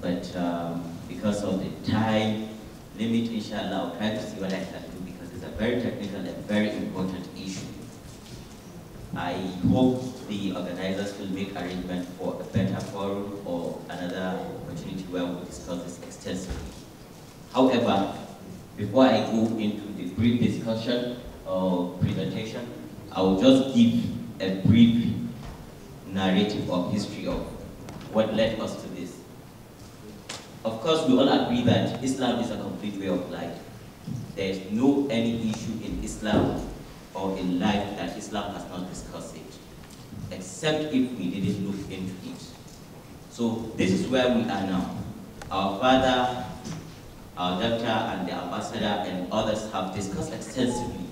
But um, because of the time limit, inshallah, I'll try to see what I can do because it's a very technical and very important issue. I hope the organizers will make arrangement for a better forum or another opportunity where we'll discuss this extensively. However, before I go into the brief discussion or presentation, I will just give a brief narrative of history of what led us to this of course, we all agree that Islam is a complete way of life. There is no any issue in Islam or in life that Islam has not discussed it, except if we didn't look into it. So this is where we are now. Our father, our doctor, and the ambassador and others have discussed extensively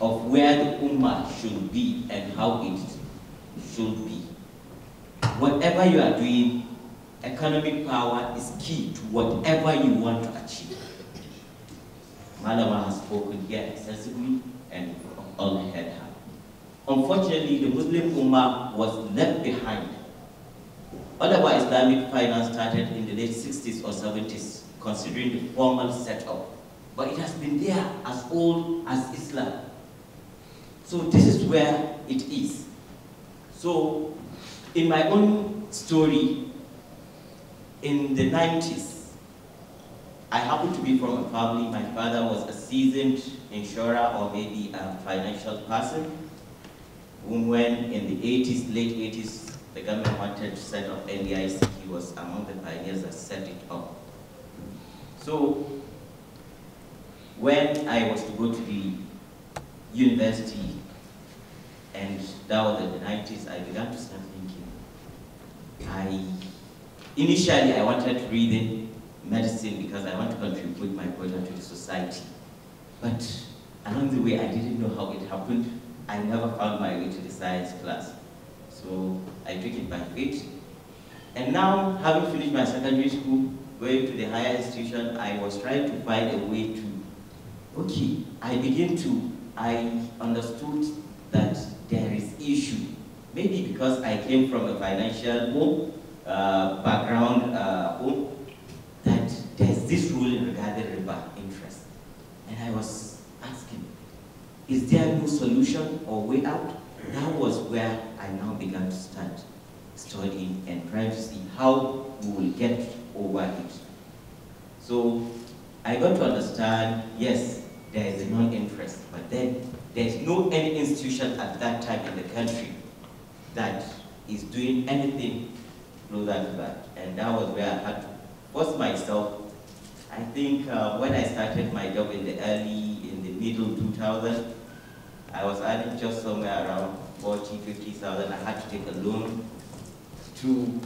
of where the ummah should be and how it should be. Whatever you are doing, economic power is key to whatever you want to achieve. Malama has spoken here extensively and all head her. Unfortunately, the Muslim Ummah was left behind. Whatever Islamic finance started in the late 60s or 70s, considering the formal setup, but it has been there as old as Islam. So this is where it is. So in my own story, in the 90s, I happened to be from a family, my father was a seasoned insurer or maybe a financial person, whom when in the 80s, late 80s, the government wanted to set up NDIC, he was among the pioneers that set it up. So when I was to go to the university, and that was in the 90s, I began to start thinking, I Initially, I wanted reading medicine because I want to contribute my quota to the society. But along the way, I didn't know how it happened. I never found my way to the science class. So I took it by faith. And now, having finished my secondary school, going to the higher institution, I was trying to find a way to, okay, I begin to, I understood that there is issue. Maybe because I came from a financial home, uh, background uh, that there's this rule regarding river interest. And I was asking, is there no solution or way out? That was where I now began to start studying and trying to see how we will get over it. So I got to understand, yes, there is a non-interest, but then there's no any institution at that time in the country that is doing anything closer to that. And that was where I had to force myself. I think uh, when I started my job in the early, in the middle 2000, I was earning just somewhere around 40, 50,000. I had to take a loan to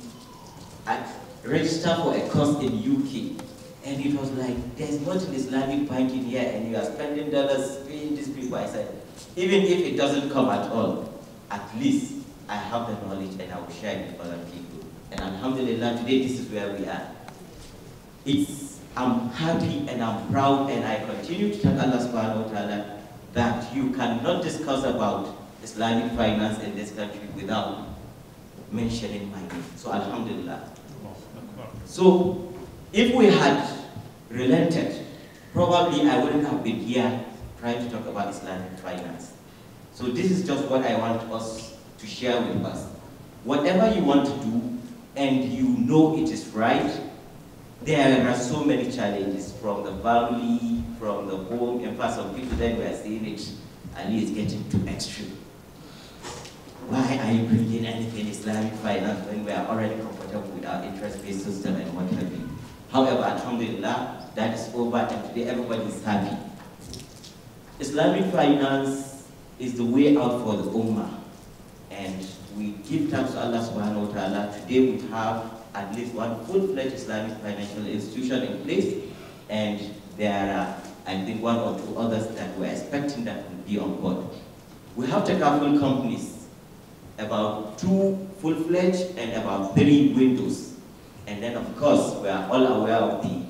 register for a course in UK. And it was like, there's not an Islamic bank in here and you are spending dollars paying these people. I said, even if it doesn't come at all, at least I have the knowledge and I will share it with other people. And alhamdulillah, today this is where we are. It's, I'm happy and I'm proud and I continue to tell Allah subhanahu wa ta'ala that you cannot discuss about Islamic finance in this country without mentioning my name. So alhamdulillah. So if we had relented, probably I wouldn't have been here trying to talk about Islamic finance. So this is just what I want us to share with us. Whatever you want to do, and you know it is right, there are so many challenges from the valley, from the home, and for some people that we are seeing it, at least getting too extreme. Why are you bringing anything Islamic finance when we are already comfortable with our interest-based system and what have you? However, alhamdulillah, that is over and today everybody is happy. Islamic finance is the way out for the Ummah and we give thanks to Allah subhanahu wa ta'ala. Today we have at least one full-fledged Islamic financial institution in place, and there are, I think, one or two others that we're expecting that will be on board. We have Takaful companies, about two full-fledged and about three windows. And then, of course, we are all aware of the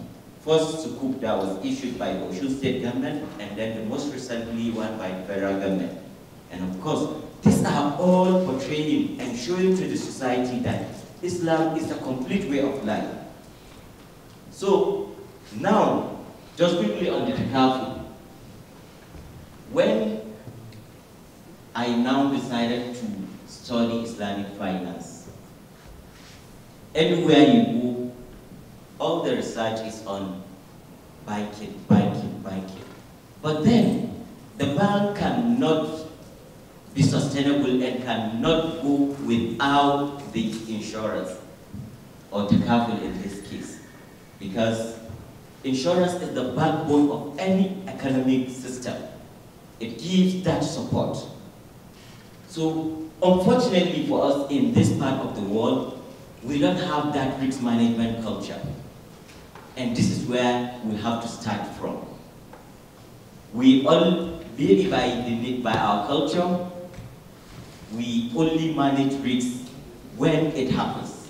first sukuk that was issued by the Osun state government, and then the most recently one by the federal government. And of course, these are all portraying and showing to the society that Islam is a complete way of life. So now, just quickly on the takafu. When I now decided to study Islamic finance, anywhere you go, all the research is on banking, banking, banking. But then, the bank cannot be sustainable and cannot go without the insurance or the capital in this case. Because insurance is the backbone of any economic system. It gives that support. So unfortunately for us in this part of the world, we don't have that risk management culture. And this is where we have to start from. We all live by, by our culture, we only manage risks when it happens.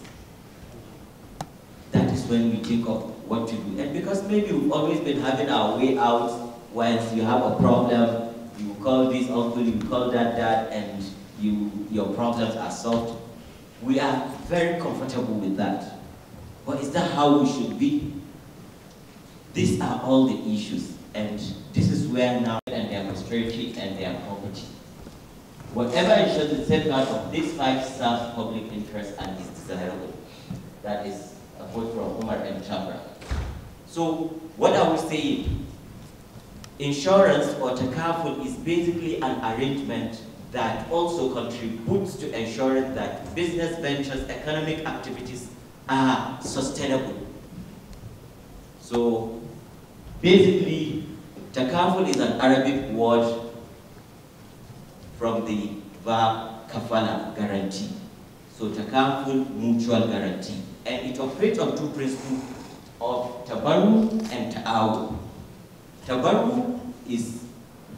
That is when we think of what to do. And because maybe we've always been having our way out, once you have a problem, you call this uncle, you call that dad, and you, your problems are solved. We are very comfortable with that. But is that how we should be? These are all the issues, and this is where now Whatever ensures the safeguard of these five serves public interest and is desirable. That is a quote from Omar M. Chambra. So what are we saying? Insurance or takaful is basically an arrangement that also contributes to ensuring that business ventures, economic activities are sustainable. So basically, takaful is an Arabic word from the verb kafala guarantee. So takaful mutual guarantee. And it operates on two principles of tabaru and ta'awun. Tabaru is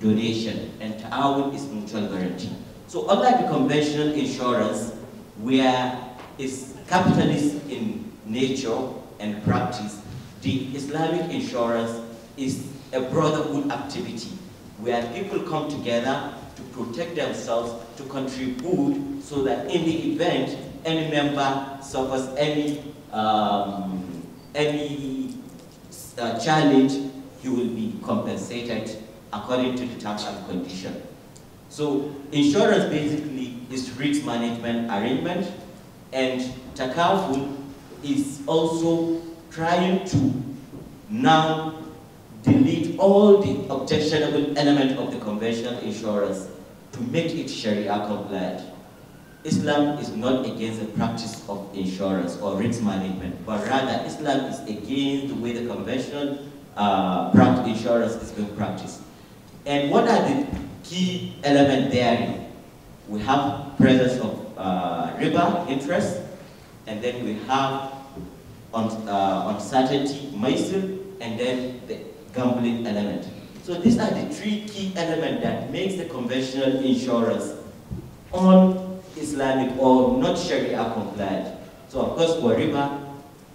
donation and ta'awun is mutual guarantee. So unlike the conventional insurance, where it's capitalist in nature and practice, the Islamic insurance is a brotherhood activity where people come together to protect themselves, to contribute so that in the event any member suffers any, um, any uh, challenge, he will be compensated according to the terms and condition. So insurance basically is risk management arrangement and Takaful is also trying to now delete all the objectionable element of the conventional insurance to make it Sharia compliant. Islam is not against the practice of insurance or risk management, but rather Islam is against the way the conventional uh, insurance is being practiced. And what are the key elements therein? We have presence of uh, riba, interest, and then we have un uh, uncertainty, maisir, and then the gambling element. So these are the three key elements that makes the conventional insurance un-Islamic or not Sharia compliant. So of course for riba,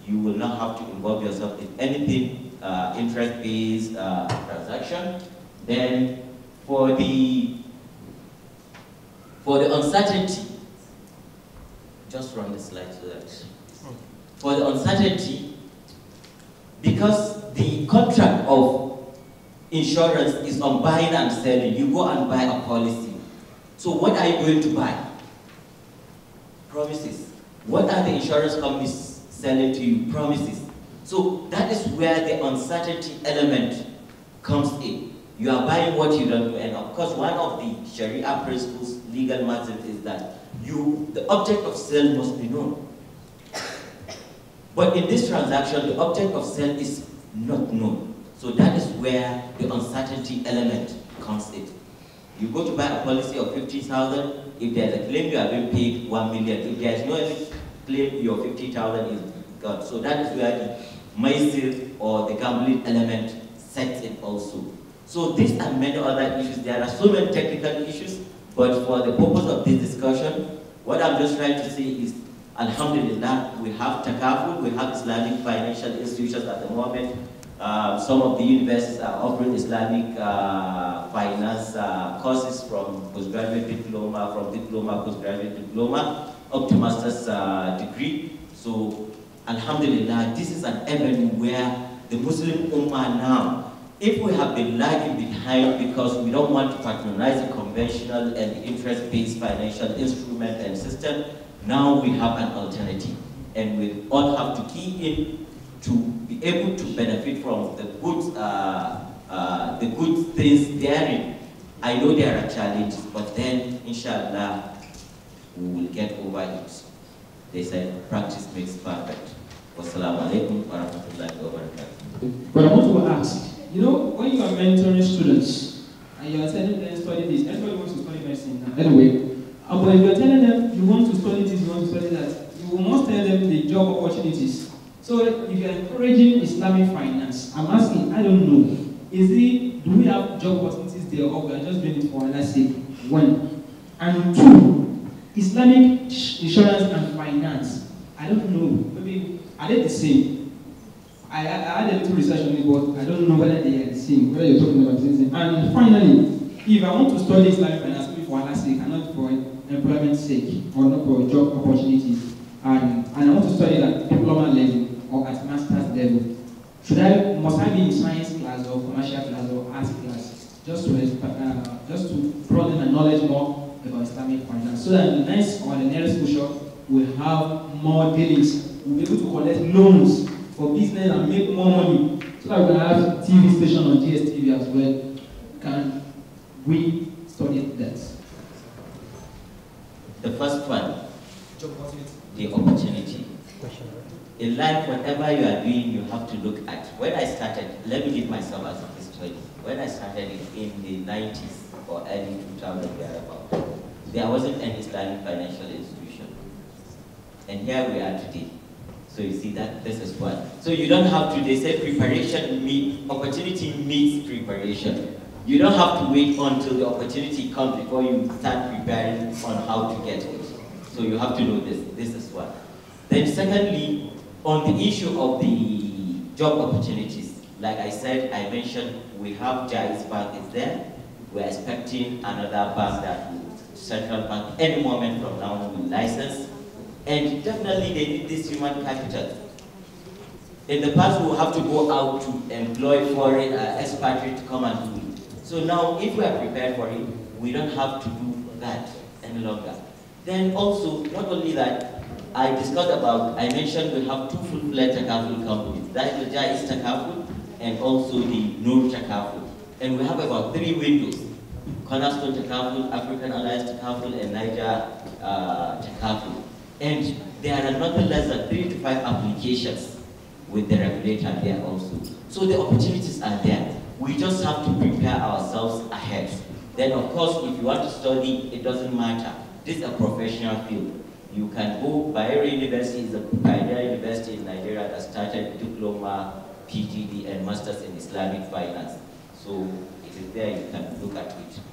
you will not have to involve yourself in anything uh, interest-based uh, transaction. Then for the for the uncertainty, just run the slide to that. For the uncertainty, because contract of insurance is on buying and selling. You go and buy a policy. So what are you going to buy? Promises. What are the insurance companies selling to you? Promises. So that is where the uncertainty element comes in. You are buying what you don't know. And of course, one of the Sharia principles, legal matters, is that you, the object of sale must be known. But in this transaction, the object of sale is not known. So that is where the uncertainty element comes in. You go to buy a policy of 50,000, if there's a claim, you are being paid 1 million. If there's no claim, your 50,000 is gone. So that is where the myself or the gambling element sets in also. So these and many other issues, there are so many technical issues, but for the purpose of this discussion, what I'm just trying to say is Alhamdulillah, we have Takafu, we have Islamic financial institutions at the moment. Uh, some of the universities are offering Islamic uh, finance uh, courses from postgraduate diploma, from diploma, postgraduate diploma, up to master's uh, degree. So, Alhamdulillah, this is an avenue where the Muslim Ummah now, if we have been lagging behind because we don't want to patronize the conventional and interest-based financial instrument and system, now we have an alternative, and we all have to key in to be able to benefit from the good, uh, uh, the good things therein. I know there are challenges, but then, inshallah, we will get over it. They said, practice makes perfect. Wassalamu alaikum wa rahmatullahi wa barakatuh. But I want to ask, you know, when you are mentoring students, and you are telling them study this, everybody wants to study medicine now. Anyway, but if you are telling them you want to study this, you want to study that, you must tell them the job opportunities. So if you're encouraging Islamic finance, I'm asking, I don't know, is it, do we have job opportunities there or we are just doing it for Allah's sake? One. And two, Islamic insurance and finance, I don't know, maybe, are they the same? I, I, had a little research on it, but I don't know whether they are the same, whether you're talking about the same. And finally, if I want to study Islamic finance, Employment sake or not for job opportunities and, and I want to study at diploma level or at master's level. Should I, must I be in science class or commercial class or arts class just to, uh, just to broaden my knowledge more about Islamic finance so that the next or the nearest future will have more dealings, we'll be able to collect loans for business and make more money so that we can have TV station on GSTV as well. Can we study that? The first one, the opportunity. In life, whatever you are doing, you have to look at. When I started, let me give myself as a history. When I started in the 90s or early 2000, about, there wasn't any Islamic financial institution. And here we are today. So you see that this is what. So you don't have to, they say preparation meet, opportunity meets preparation. You don't have to wait until the opportunity comes before you start preparing on how to get it. So you have to know this, this is what. Then secondly, on the issue of the job opportunities, like I said, I mentioned we have Jai's Bank is there. We're expecting another bank that will, central bank any moment from now will license. And definitely they need this human capital. In the past, we will have to go out to employ foreign uh, expatriates to come and do it. So now, if we are prepared for it, we don't have to do that any longer. Then also, not only that, I discussed about, I mentioned we have two full-fledged Takaful companies. That is Jais Takaful and also the Nur Takaful. And we have about three windows. Cornerstone Takaful, African Alliance Takaful, and Niger uh, And there are not less than three to five applications with the regulator there also. So the opportunities are there. We just have to prepare ourselves ahead. Then of course, if you want to study, it doesn't matter. This is a professional field. You can go, Bayero University is a Bayero University in Nigeria that started diploma, PGD, and Masters in Islamic Finance. So it is there you can look at it.